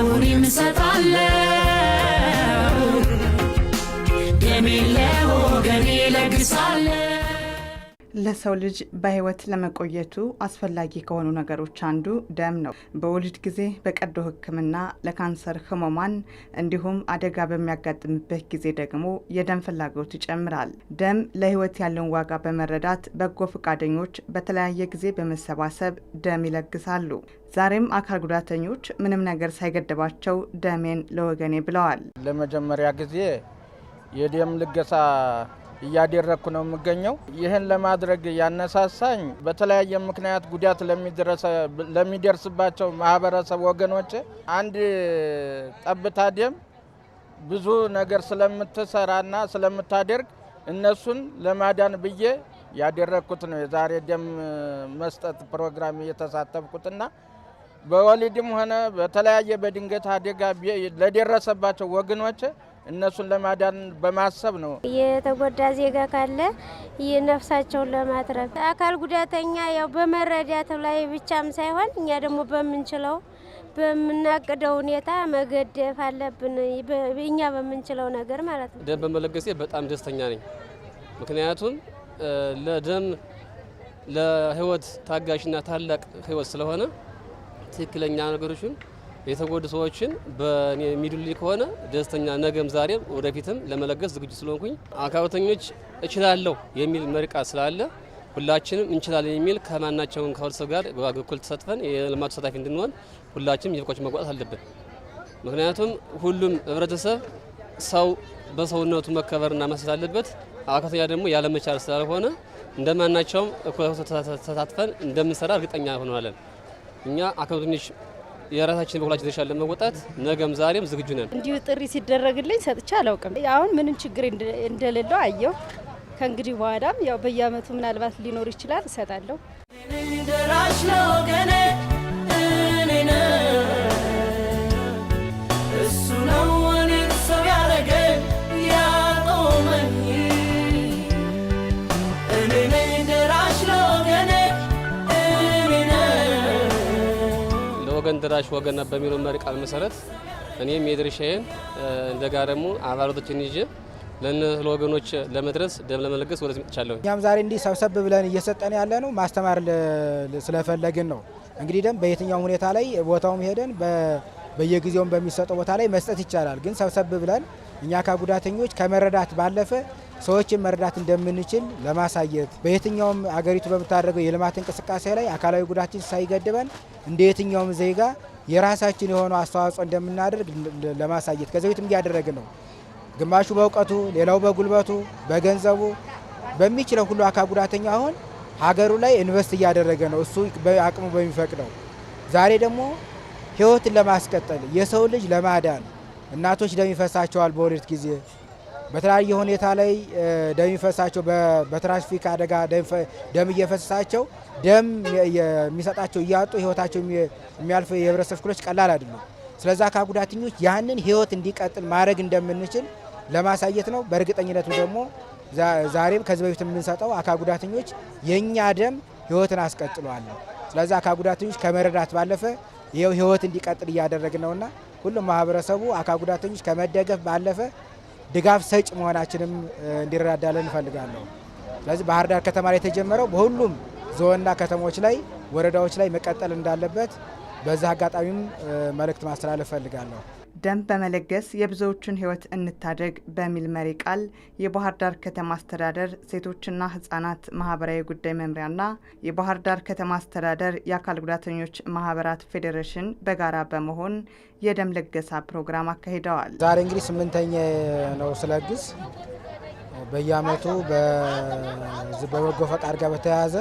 ክቡሪም እሰጣለሁ፣ ደሜን ለወገኔ እለግሳለሁ። ለሰው ልጅ በህይወት ለመቆየቱ አስፈላጊ ከሆኑ ነገሮች አንዱ ደም ነው። በወሊድ ጊዜ በቀዶ ህክምና ለካንሰር ህመማን እንዲሁም አደጋ በሚያጋጥምበት ጊዜ ደግሞ የደም ፍላጎት ይጨምራል። ደም ለህይወት ያለውን ዋጋ በመረዳት በጎ ፈቃደኞች በተለያየ ጊዜ በመሰባሰብ ደም ይለግሳሉ። ዛሬም አካል ጉዳተኞች ምንም ነገር ሳይገደባቸው ደሜን ለወገኔ ብለዋል። ለመጀመሪያ ጊዜ የደም ልገሳ እያደረግኩ ነው የምገኘው። ይህን ለማድረግ ያነሳሳኝ በተለያየ ምክንያት ጉዳት ለሚደርስባቸው ማህበረሰብ ወገኖች አንድ ጠብታ ደም ብዙ ነገር ስለምትሰራና ስለምታደርግ እነሱን ለማዳን ብዬ ያደረግኩት ነው የዛሬ ደም መስጠት ፕሮግራም እየተሳተፍኩትና በወሊድም ሆነ በተለያየ በድንገት አደጋ ለደረሰባቸው ወገኖች እነሱን ለማዳን በማሰብ ነው። የተጎዳ ዜጋ ካለ ነፍሳቸውን ለማትረፍ አካል ጉዳተኛ ያው በመረዳት ላይ ብቻም ሳይሆን እኛ ደግሞ በምንችለው በምናቅደው ሁኔታ መገደፍ አለብን። እኛ በምንችለው ነገር ማለት ነው። ደም በመለገሴ በጣም ደስተኛ ነኝ። ምክንያቱም ለደም ለህይወት ታጋሽና ታላቅ ህይወት ስለሆነ ትክክለኛ ነገሮችን የተጎዱ ሰዎችን በእኔ የሚድልኝ ከሆነ ደስተኛ ነገም፣ ዛሬም፣ ወደፊትም ለመለገስ ዝግጁ ስለሆንኩኝ አካባቢተኞች እችላለሁ የሚል መርቃ ስላለ ሁላችንም እንችላለን የሚል ከማናቸውን ከህብረተሰብ ጋር በእኩል ተሳትፈን የልማት ተሳታፊ እንድንሆን ሁላችንም የበኩላችን መጓጣት አለብን። ምክንያቱም ሁሉም ህብረተሰብ ሰው በሰውነቱ መከበርና መስት አለበት። አካተኛ ደግሞ ያለመቻል ስላልሆነ እንደማናቸውም እኩል ተሳትፈን እንደምንሰራ እርግጠኛ ሆነዋለን። እኛ አካባቢተኞች የራሳችን በኩላችን ድርሻ ለመወጣት ነገም ዛሬም ዝግጁ ነን። እንዲሁ ጥሪ ሲደረግልኝ ሰጥቼ አላውቅም። አሁን ምንም ችግር እንደሌለው አየሁ። ከእንግዲህ በኋላም ያው በየአመቱ ምናልባት ሊኖር ይችላል እሰጣለሁ። ወገን ደራሽ ወገን በሚለው መሪ ቃል መሰረት እኔም የድርሻዬን እንደጋ ደግሞ አባላቶችን ይዤ ለእነዚህ ለወገኖች ለመድረስ ደም ለመለገስ ወደዚህ መጥቻለሁ። እኛም ዛሬ እንዲህ ሰብሰብ ብለን እየሰጠን ያለ ነው ማስተማር ስለፈለግን ነው። እንግዲህ ደም በየትኛውም ሁኔታ ላይ ቦታውም ሄደን በየጊዜውም በሚሰጠው ቦታ ላይ መስጠት ይቻላል። ግን ሰብሰብ ብለን እኛ ከጉዳተኞች ከመረዳት ባለፈ ሰዎችን መርዳት እንደምንችል ለማሳየት በየትኛውም አገሪቱ በምታደርገው የልማት እንቅስቃሴ ላይ አካላዊ ጉዳችን ሳይገድበን እንደ የትኛውም ዜጋ የራሳችን የሆነው አስተዋጽኦ እንደምናደርግ ለማሳየት ከዚህ በፊትም እያደረግን ነው። ግማሹ በእውቀቱ፣ ሌላው በጉልበቱ፣ በገንዘቡ በሚችለው ሁሉ አካል ጉዳተኛ አሁን ሀገሩ ላይ ኢንቨስት እያደረገ ነው፣ እሱ አቅሙ በሚፈቅደው። ዛሬ ደግሞ ህይወትን ለማስቀጠል የሰው ልጅ ለማዳን እናቶች ደም ይፈሳቸዋል በወሊድ ጊዜ በተለያየ ሁኔታ ላይ ደም ይፈሳቸው በትራፊክ አደጋ ደም እየፈሰሳቸው ደም የሚሰጣቸው እያጡ ህይወታቸው የሚያልፉ የህብረተሰብ ክፍሎች ቀላል አይደሉም። ስለዛ አካል ጉዳተኞች ያንን ህይወት እንዲቀጥል ማድረግ እንደምንችል ለማሳየት ነው። በእርግጠኝነቱ ደግሞ ዛሬም ከዚህ በፊት የምንሰጠው አካል ጉዳተኞች የእኛ ደም ህይወትን አስቀጥሏል። ስለዚ አካል ጉዳተኞች ከመረዳት ባለፈ ይኸው ህይወት እንዲቀጥል እያደረግ ነውና ሁሉም ማህበረሰቡ አካል ጉዳተኞች ከመደገፍ ባለፈ ድጋፍ ሰጭ መሆናችንም እንዲረዳዳለን እንፈልጋለሁ። ስለዚህ ባህር ዳር ከተማ ላይ የተጀመረው በሁሉም ዞንና ከተሞች ላይ ወረዳዎች ላይ መቀጠል እንዳለበት በዚህ አጋጣሚም መልእክት ማስተላለፍ እፈልጋለሁ። ደም በመለገስ የብዙዎችን ህይወት እንታደግ በሚል መሪ ቃል የባህር ዳር ከተማ አስተዳደር ሴቶችና ህጻናት ማህበራዊ ጉዳይ መምሪያና የባህር ዳር ከተማ አስተዳደር የአካል ጉዳተኞች ማህበራት ፌዴሬሽን በጋራ በመሆን የደም ልገሳ ፕሮግራም አካሂደዋል። ዛሬ እንግዲህ ስምንተኛ ነው ስለግስ በየአመቱ በበጎ ፈቃድ ጋር በተያያዘ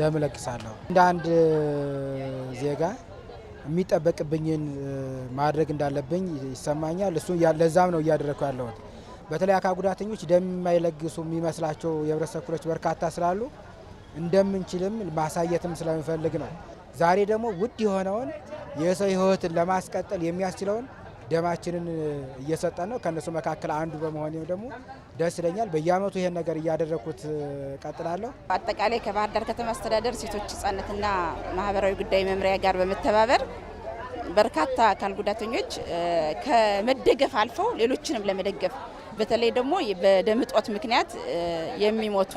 ደም እለግሳለሁ እንደ አንድ ዜጋ የሚጠበቅብኝን ማድረግ እንዳለብኝ ይሰማኛል። እሱ ለዛም ነው እያደረግኩ ያለሁት። በተለይ አካል ጉዳተኞች ደም የማይለግሱ የሚመስላቸው የህብረተሰብ ክፍሎች በርካታ ስላሉ እንደምንችልም ማሳየትም ስለምፈልግ ነው። ዛሬ ደግሞ ውድ የሆነውን የሰው ህይወትን ለማስቀጠል የሚያስችለውን ደማችንን እየሰጠን ነው። ከእነሱ መካከል አንዱ በመሆኔ ደግሞ ደስ ይለኛል። በየአመቱ ይሄን ነገር እያደረግኩት ቀጥላለሁ። አጠቃላይ ከባህር ዳር ከተማ አስተዳደር ሴቶች ህጻነትና ማህበራዊ ጉዳይ መምሪያ ጋር በመተባበር በርካታ አካል ጉዳተኞች ከመደገፍ አልፈው ሌሎችንም ለመደገፍ በተለይ ደግሞ በደም እጦት ምክንያት የሚሞቱ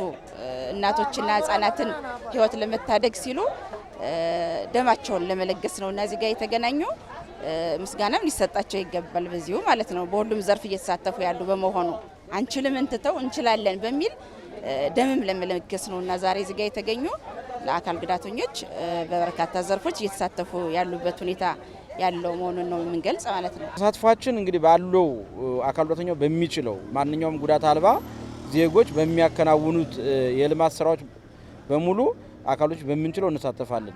እናቶችና ህጻናትን ህይወት ለመታደግ ሲሉ ደማቸውን ለመለገስ ነው እና እዚህ ጋር የተገናኙ ምስጋናም ሊሰጣቸው ይገባል። በዚሁ ማለት ነው በሁሉም ዘርፍ እየተሳተፉ ያሉ በመሆኑ አንችልም እንትተው እንችላለን በሚል ደምም ለመለገስ ነው እና ዛሬ እዚጋ የተገኙ ለአካል ጉዳተኞች በበርካታ ዘርፎች እየተሳተፉ ያሉበት ሁኔታ ያለው መሆኑን ነው የምንገልጽ ማለት ነው። ተሳትፏችን እንግዲህ ባለው አካል ጉዳተኛው በሚችለው ማንኛውም ጉዳት አልባ ዜጎች በሚያከናውኑት የልማት ስራዎች በሙሉ አካሎች በምንችለው እንሳተፋለን።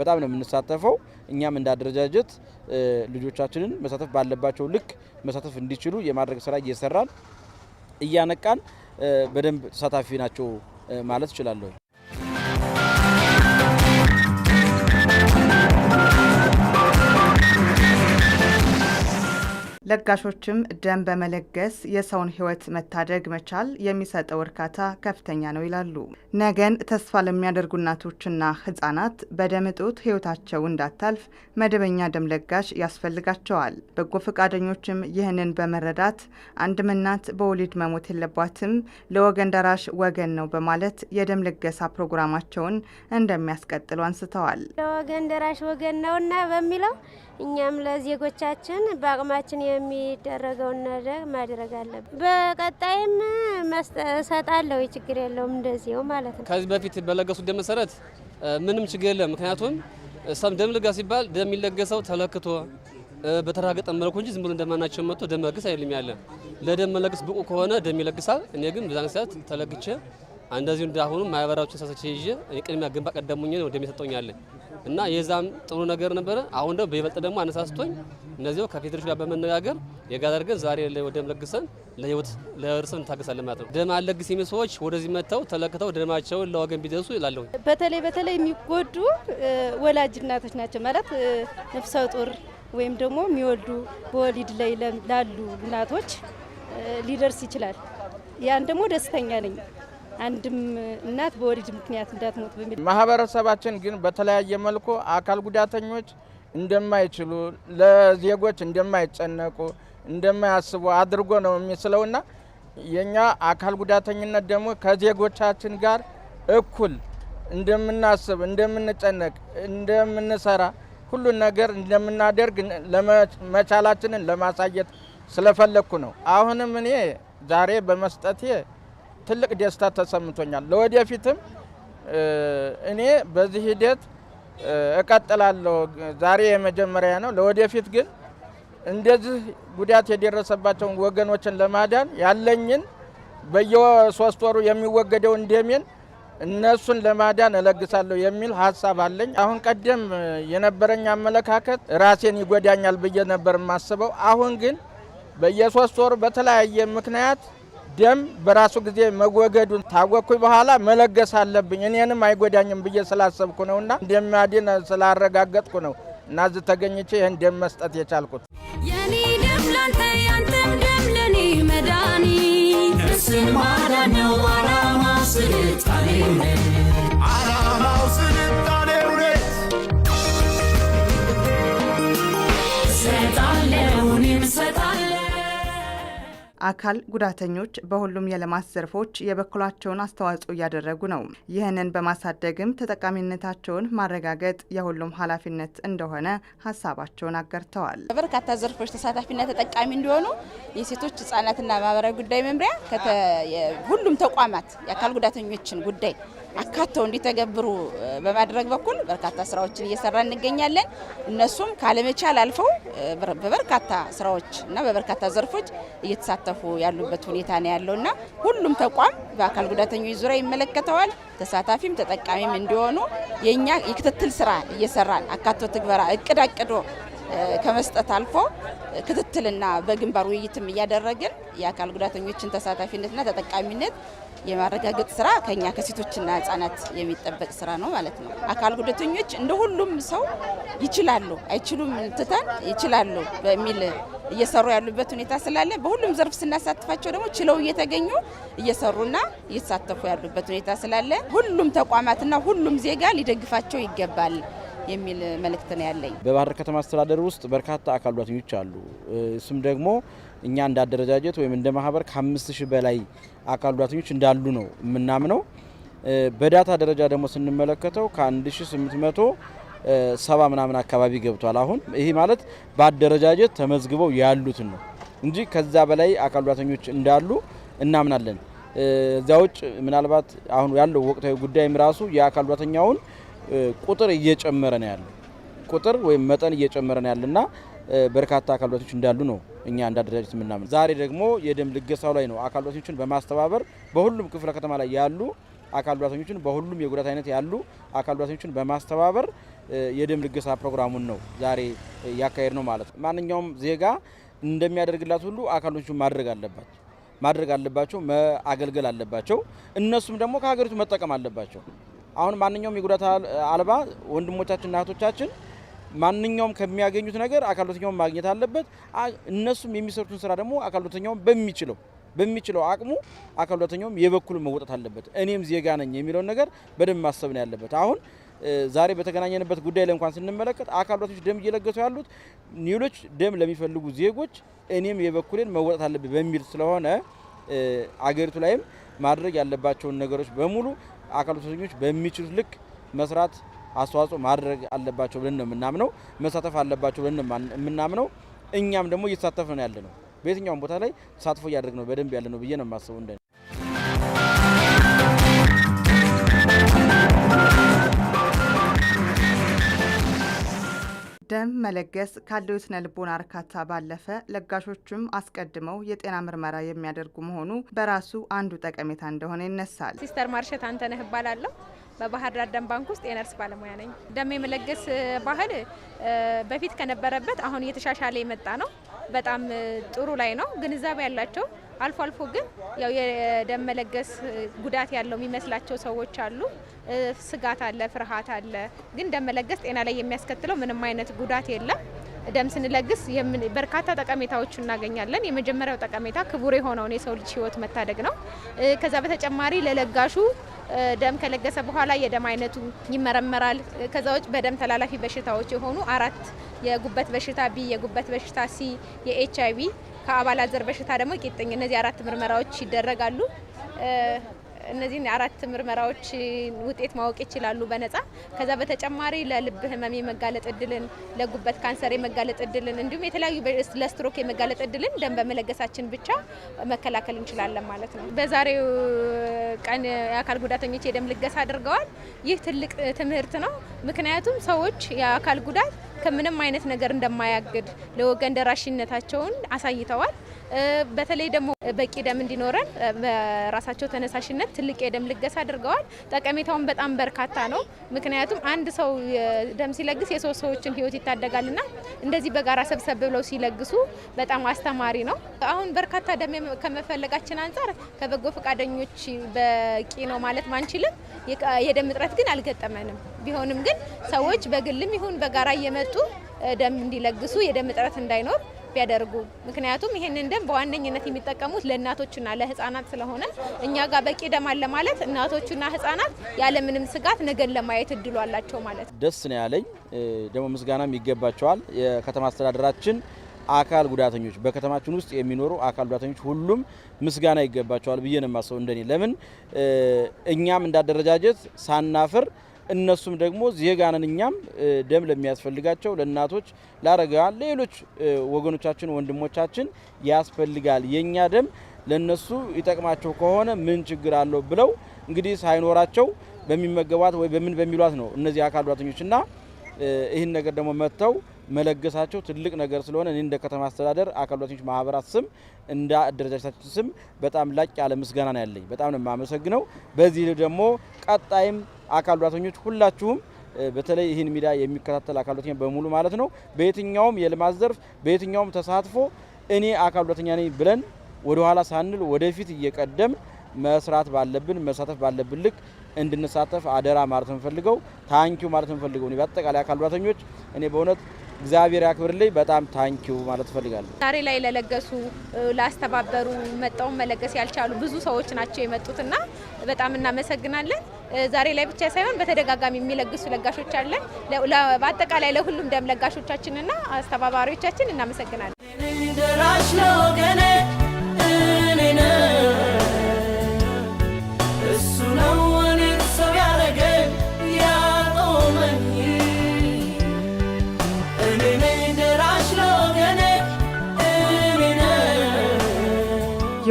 በጣም ነው የምንሳተፈው። እኛም እንዳደረጃጀት ልጆቻችንን መሳተፍ ባለባቸው ልክ መሳተፍ እንዲችሉ የማድረግ ስራ እየሰራን እያነቃን በደንብ ተሳታፊ ናቸው ማለት እችላለሁ። ለጋሾችም ደም በመለገስ የሰውን ህይወት መታደግ መቻል የሚሰጠው እርካታ ከፍተኛ ነው ይላሉ። ነገን ተስፋ ለሚያደርጉ እናቶችና ህጻናት በደም እጦት ህይወታቸው እንዳታልፍ መደበኛ ደም ለጋሽ ያስፈልጋቸዋል። በጎ ፈቃደኞችም ይህንን በመረዳት አንድም እናት በወሊድ መሞት የለባትም፣ ለወገን ደራሽ ወገን ነው በማለት የደም ልገሳ ፕሮግራማቸውን እንደሚያስቀጥሉ አንስተዋል። ለወገን ደራሽ ወገን ነውና በሚለው እኛም ለዜጎቻችን በአቅማችን የሚደረገውን ነገር ማድረግ አለብን። በቀጣይም እሰጣለሁ፣ ችግር የለውም እንደዚው ማለት ነው። ከዚህ በፊት በለገሱ ደም መሰረት ምንም ችግር የለም። ምክንያቱም ሰም ደም ልጋ ሲባል ደም የሚለገሰው ተለክቶ በተራገጠ መልኩ እንጂ ዝም ብሎ እንደማናቸው መጥቶ ደም መለገስ አይልም። ያለ ለደም መለግስ ብቁ ከሆነ ደም ይለግሳል። እኔ ግን በዛን ሰዓት ተለግቼ እንደዚሁ እንዳሁኑ ማህበራችን ሳሰች ይዤ ቅድሚያ ግንባ ቀደሙኝ ነው ደም የሰጠውኛለን እና የዛም ጥሩ ነገር ነበረ። አሁን ደግሞ በይበልጥ ደግሞ አነሳስቶኝ እነዚያው ከፌዴሬሽን ጋር በመነጋገር የጋራ አድርገን ዛሬ ደም ለግሰን ለህይወት ለእርስን እንታገሳለን ማለት ነው። ደም አለግስ የሚል ሰዎች ወደዚህ መጥተው ተለክተው ደማቸውን ለወገን ቢደርሱ ይላለሁ። በተለይ በተለይ የሚጎዱ ወላጅ እናቶች ናቸው ማለት ነፍሰ ጡር ወይም ደግሞ የሚወልዱ በወሊድ ላይ ላሉ እናቶች ሊደርስ ይችላል። ያን ደግሞ ደስተኛ ነኝ። አንድም እናት በወሊድ ምክንያት እንዳትሞት በሚል ማህበረሰባችን ግን በተለያየ መልኩ አካል ጉዳተኞች እንደማይችሉ ለዜጎች እንደማይጨነቁ እንደማያስቡ አድርጎ ነው የሚስለውና የኛ አካል ጉዳተኝነት ደግሞ ከዜጎቻችን ጋር እኩል እንደምናስብ፣ እንደምንጨነቅ፣ እንደምንሰራ ሁሉን ነገር እንደምናደርግ መቻላችንን ለማሳየት ስለፈለግኩ ነው። አሁንም እኔ ዛሬ በመስጠቴ ትልቅ ደስታ ተሰምቶኛል። ለወደፊትም እኔ በዚህ ሂደት እቀጥላለሁ። ዛሬ የመጀመሪያ ነው። ለወደፊት ግን እንደዚህ ጉዳት የደረሰባቸውን ወገኖችን ለማዳን ያለኝን በየሶስት ወሩ የሚወገደው እንደሜን እነሱን ለማዳን እለግሳለሁ የሚል ሀሳብ አለኝ። አሁን ቀደም የነበረኝ አመለካከት ራሴን ይጎዳኛል ብዬ ነበር የማስበው። አሁን ግን በየሶስት ወሩ በተለያየ ምክንያት ደም በራሱ ጊዜ መወገዱን ታወቅኩኝ በኋላ መለገስ አለብኝ እኔንም አይጎዳኝም ብዬ ስላሰብኩ ነውና እንደሚያድን ስላረጋገጥኩ ነው እና እዚህ ተገኝቼ ይህን ደም መስጠት የቻልኩት የኔ ደም ላንተ ያንተም ደም አላማ ስልጣኔ አካል ጉዳተኞች በሁሉም የልማት ዘርፎች የበኩላቸውን አስተዋጽኦ እያደረጉ ነው። ይህንን በማሳደግም ተጠቃሚነታቸውን ማረጋገጥ የሁሉም ኃላፊነት እንደሆነ ሀሳባቸውን አጋርተዋል። በርካታ ዘርፎች ተሳታፊና ተጠቃሚ እንዲሆኑ የሴቶች ህጻናትና ማህበራዊ ጉዳይ መምሪያ ሁሉም ተቋማት የአካል ጉዳተኞችን ጉዳይ አካተው እንዲተገብሩ በማድረግ በኩል በርካታ ስራዎችን እየሰራ እንገኛለን። እነሱም ካለመቻል አልፈው በበርካታ ስራዎች እና በበርካታ ዘርፎች እየተሳተፉ ያሉበት ሁኔታ ነው ያለው እና ሁሉም ተቋም በአካል ጉዳተኞች ዙሪያ ይመለከተዋል። ተሳታፊም ተጠቃሚም እንዲሆኑ የኛ የክትትል ስራ እየሰራን አካቶ ትግበራ እቅድ አቅዶ ከመስጠት አልፎ ክትትልና በግንባር ውይይትም እያደረግን የአካል ጉዳተኞችን ተሳታፊነትና ተጠቃሚነት የማረጋገጥ ስራ ከኛ ከሴቶችና ህጻናት የሚጠበቅ ስራ ነው ማለት ነው። አካል ጉዳተኞች እንደ ሁሉም ሰው ይችላሉ፣ አይችሉም ትተን ይችላሉ በሚል እየሰሩ ያሉበት ሁኔታ ስላለ በሁሉም ዘርፍ ስናሳትፋቸው ደግሞ ችለው እየተገኙ እየሰሩና እየተሳተፉ ያሉበት ሁኔታ ስላለ ሁሉም ተቋማትና ሁሉም ዜጋ ሊደግፋቸው ይገባል። የሚል መልእክት ነው ያለኝ። በባህር ዳር ከተማ አስተዳደር ውስጥ በርካታ አካል ጉዳተኞች አሉ። እሱም ደግሞ እኛ እንደ አደረጃጀት ወይም እንደ ማህበር ከአምስት ሺህ በላይ አካል ጉዳተኞች እንዳሉ ነው የምናምነው። በዳታ ደረጃ ደግሞ ስንመለከተው ከ1800 ሰባ ምናምን አካባቢ ገብቷል። አሁን ይህ ማለት በአደረጃጀት ተመዝግበው ያሉትን ነው እንጂ ከዛ በላይ አካል ጉዳተኞች እንዳሉ እናምናለን። እዚያ ውጭ ምናልባት አሁን ያለው ወቅታዊ ጉዳይም ራሱ የአካል ጉዳተኛውን ቁጥር እየጨመረ ነው ያለ ቁጥር ወይም መጠን እየጨመረ ነው ያለና በርካታ አካል ጉዳተኞች እንዳሉ ነው እኛ እንደ አደረጃጀት የምናምን። ዛሬ ደግሞ የደም ልገሳው ላይ ነው አካል ጉዳተኞችን በማስተባበር በሁሉም ክፍለ ከተማ ላይ ያሉ አካል ጉዳተኞችን በሁሉም የጉዳት አይነት ያሉ አካል ጉዳተኞችን በማስተባበር የደም ልገሳ ፕሮግራሙን ነው ዛሬ እያካሄድ ነው ማለት ነው። ማንኛውም ዜጋ እንደሚያደርግላት ሁሉ አካል ጉዳተኞችን ማድረግ አለባቸው ማድረግ አለባቸው፣ አገልገል አለባቸው። እነሱም ደግሞ ከሀገሪቱ መጠቀም አለባቸው። አሁን ማንኛውም የጉዳት አልባ እና እህቶቻችን ማንኛውም ከሚያገኙት ነገር አካል ጉዳተኛውን ማግኘት አለበት። እነሱም የሚሰሩትን ስራ ደግሞ አካል ጉዳተኛውን በሚችለው በሚችለው አቅሙ አካል ጉዳተኛውም መውጣት መወጣት አለበት። እኔም ዜጋ ነኝ የሚለውን ነገር በደንብ ማሰብ ነው ያለበት። አሁን ዛሬ በተገናኘንበት ጉዳይ ላይ እንኳን ስንመለከት አካል ጉዳተኞች ደም እየለገሱ ያሉት ሌሎች ደም ለሚፈልጉ ዜጎች እኔም የበኩሌን መወጣት አለበት በሚል ስለሆነ አገሪቱ ላይም ማድረግ ያለባቸውን ነገሮች በሙሉ አካል ጉዳተኞች በሚችሉት ልክ መስራት አስተዋጽኦ ማድረግ አለባቸው ብለን ነው የምናምነው። መሳተፍ አለባቸው ብለን ነው የምናምነው። እኛም ደግሞ እየተሳተፍ ነው ያለ ነው። በየትኛውም ቦታ ላይ ተሳትፎ እያደረግ ነው በደንብ ያለ ነው ብዬ ነው የማስበው እንደ ደም መለገስ ካለው የስነ ልቦና እርካታ ባለፈ ለጋሾችም አስቀድመው የጤና ምርመራ የሚያደርጉ መሆኑ በራሱ አንዱ ጠቀሜታ እንደሆነ ይነሳል። ሲስተር ማርሸት አንተነህ እባላለሁ። በባህር ዳር ደም ባንክ ውስጥ የነርስ ባለሙያ ነኝ። ደም የመለገስ ባህል በፊት ከነበረበት አሁን እየተሻሻለ የመጣ ነው። በጣም ጥሩ ላይ ነው። ግንዛቤ ያላቸው አልፎ አልፎ ግን ያው የደም መለገስ ጉዳት ያለው የሚመስላቸው ሰዎች አሉ። ስጋት አለ፣ ፍርሃት አለ። ግን ደም መለገስ ጤና ላይ የሚያስከትለው ምንም አይነት ጉዳት የለም። ደም ስንለግስ በርካታ ጠቀሜታዎች እናገኛለን። የመጀመሪያው ጠቀሜታ ክቡር የሆነውን የሰው ልጅ ሕይወት መታደግ ነው። ከዛ በተጨማሪ ለለጋሹ ደም ከለገሰ በኋላ የደም አይነቱ ይመረመራል። ከዛ ውጭ በደም ተላላፊ በሽታዎች የሆኑ አራት የጉበት በሽታ ቢ፣ የጉበት በሽታ ሲ፣ የኤች ቪ። ከአባላት ዘር በሽታ ደግሞ ቂጥኝ። እነዚህ አራት ምርመራዎች ይደረጋሉ። እነዚህን አራት ምርመራዎች ውጤት ማወቅ ይችላሉ በነጻ። ከዛ በተጨማሪ ለልብ ህመም የመጋለጥ እድልን፣ ለጉበት ካንሰር የመጋለጥ እድልን እንዲሁም የተለያዩ ለስትሮክ የመጋለጥ እድልን ደም በመለገሳችን ብቻ መከላከል እንችላለን ማለት ነው። በዛሬው ቀን የአካል ጉዳተኞች የደም ልገሳ አድርገዋል። ይህ ትልቅ ትምህርት ነው። ምክንያቱም ሰዎች የአካል ጉዳት ከምንም አይነት ነገር እንደማያግድ ለወገን ደራሽነታቸውን አሳይተዋል። በተለይ ደግሞ በቂ ደም እንዲኖረን በራሳቸው ተነሳሽነት ትልቅ የደም ልገሳ አድርገዋል። ጠቀሜታውን በጣም በርካታ ነው። ምክንያቱም አንድ ሰው ደም ሲለግስ የሶስት ሰዎችን ይታደጋል። ይታደጋልና እንደዚህ በጋራ ሰብሰብ ብለው ሲለግሱ በጣም አስተማሪ ነው። አሁን በርካታ ደም ከመፈለጋችን አንጻር ከበጎ ፈቃደኞች በቂ ነው ማለት ማንችልም የደም እጥረት ግን አልገጠመንም። ቢሆንም ግን ሰዎች በግልም ይሁን በጋራ እየመጡ ደም እንዲለግሱ የደም እጥረት እንዳይኖር ቢያደርጉ ምክንያቱም ይህንን ደም በዋነኝነት የሚጠቀሙት ለእናቶችና ለህፃናት ስለሆነ እኛ ጋር በቂ ደም አለ ማለት እናቶቹና ህፃናት ያለምንም ስጋት ነገን ለማየት እድሉ አላቸው ማለት ነው። ደስ ነው ያለኝ። ደግሞ ምስጋናም ይገባቸዋል። የከተማ አስተዳደራችን አካል ጉዳተኞች በከተማችን ውስጥ የሚኖሩ አካል ጉዳተኞች ሁሉም ምስጋና ይገባቸዋል ብዬ ነው የማስበው እንደኔ። ለምን እኛም እንዳደረጃጀት ሳናፍር እነሱም ደግሞ ዜጋንን እኛም ደም ለሚያስፈልጋቸው ለእናቶች፣ ላረጋውያን፣ ሌሎች ወገኖቻችን ወንድሞቻችን ያስፈልጋል። የእኛ ደም ለእነሱ ይጠቅማቸው ከሆነ ምን ችግር አለው ብለው እንግዲህ ሳይኖራቸው በሚመገባት ወይ በምን በሚሏት ነው እነዚህ አካል ጉዳተኞችና ይህን ነገር ደግሞ መጥተው መለገሳቸው ትልቅ ነገር ስለሆነ እኔ እንደ ከተማ አስተዳደር አካል ጉዳተኞች ማህበራት ስም እንደ አደረጃጀታችን ስም በጣም ላቅ ያለ ምስጋና ነው ያለኝ። በጣም ነው የማመሰግነው። በዚህ ደግሞ ቀጣይም አካል ጉዳተኞች ሁላችሁም በተለይ ይህን ሚዲያ የሚከታተል አካል ጉዳተኛ በሙሉ ማለት ነው በየትኛውም የልማት ዘርፍ በየትኛውም ተሳትፎ እኔ አካል ጉዳተኛ ነኝ ብለን ወደ ኋላ ሳንል ወደፊት እየቀደም መስራት ባለብን መሳተፍ ባለብን ልክ እንድንሳተፍ አደራ ማለት እንፈልገው ታንኪው ማለት እንፈልገው ነው። በአጠቃላይ አካል ጉዳተኞች እኔ በእውነት እግዚአብሔር ያክብርልኝ በጣም ታንኪው ማለት እፈልጋለሁ። ዛሬ ላይ ለለገሱ ላስተባበሩ መጣውን መለገስ ያልቻሉ ብዙ ሰዎች ናቸው የመጡትና በጣም እናመሰግናለን። ዛሬ ላይ ብቻ ሳይሆን በተደጋጋሚ የሚለግሱ ለጋሾች አለን። በአጠቃላይ ለሁሉም ደም ለጋሾቻችንና አስተባባሪዎቻችን እናመሰግናለን።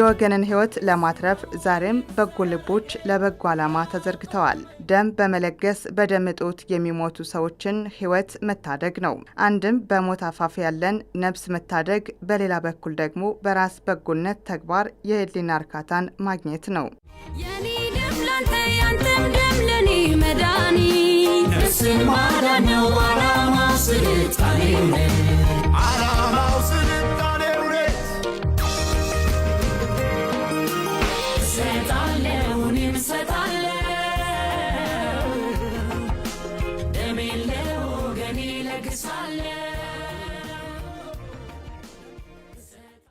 የወገንን ሕይወት ለማትረፍ ዛሬም በጎ ልቦች ለበጎ ዓላማ ተዘርግተዋል። ደም በመለገስ በደም እጦት የሚሞቱ ሰዎችን ሕይወት መታደግ ነው። አንድም በሞት አፋፍ ያለን ነብስ መታደግ፣ በሌላ በኩል ደግሞ በራስ በጎነት ተግባር የህሊና እርካታን ማግኘት ነው። የኔ ደም ላንተ ያንተም ደም ለኔ መድኃኒት፣ ነፍስን ማዳን ነው ዓላማ ስልጣኔ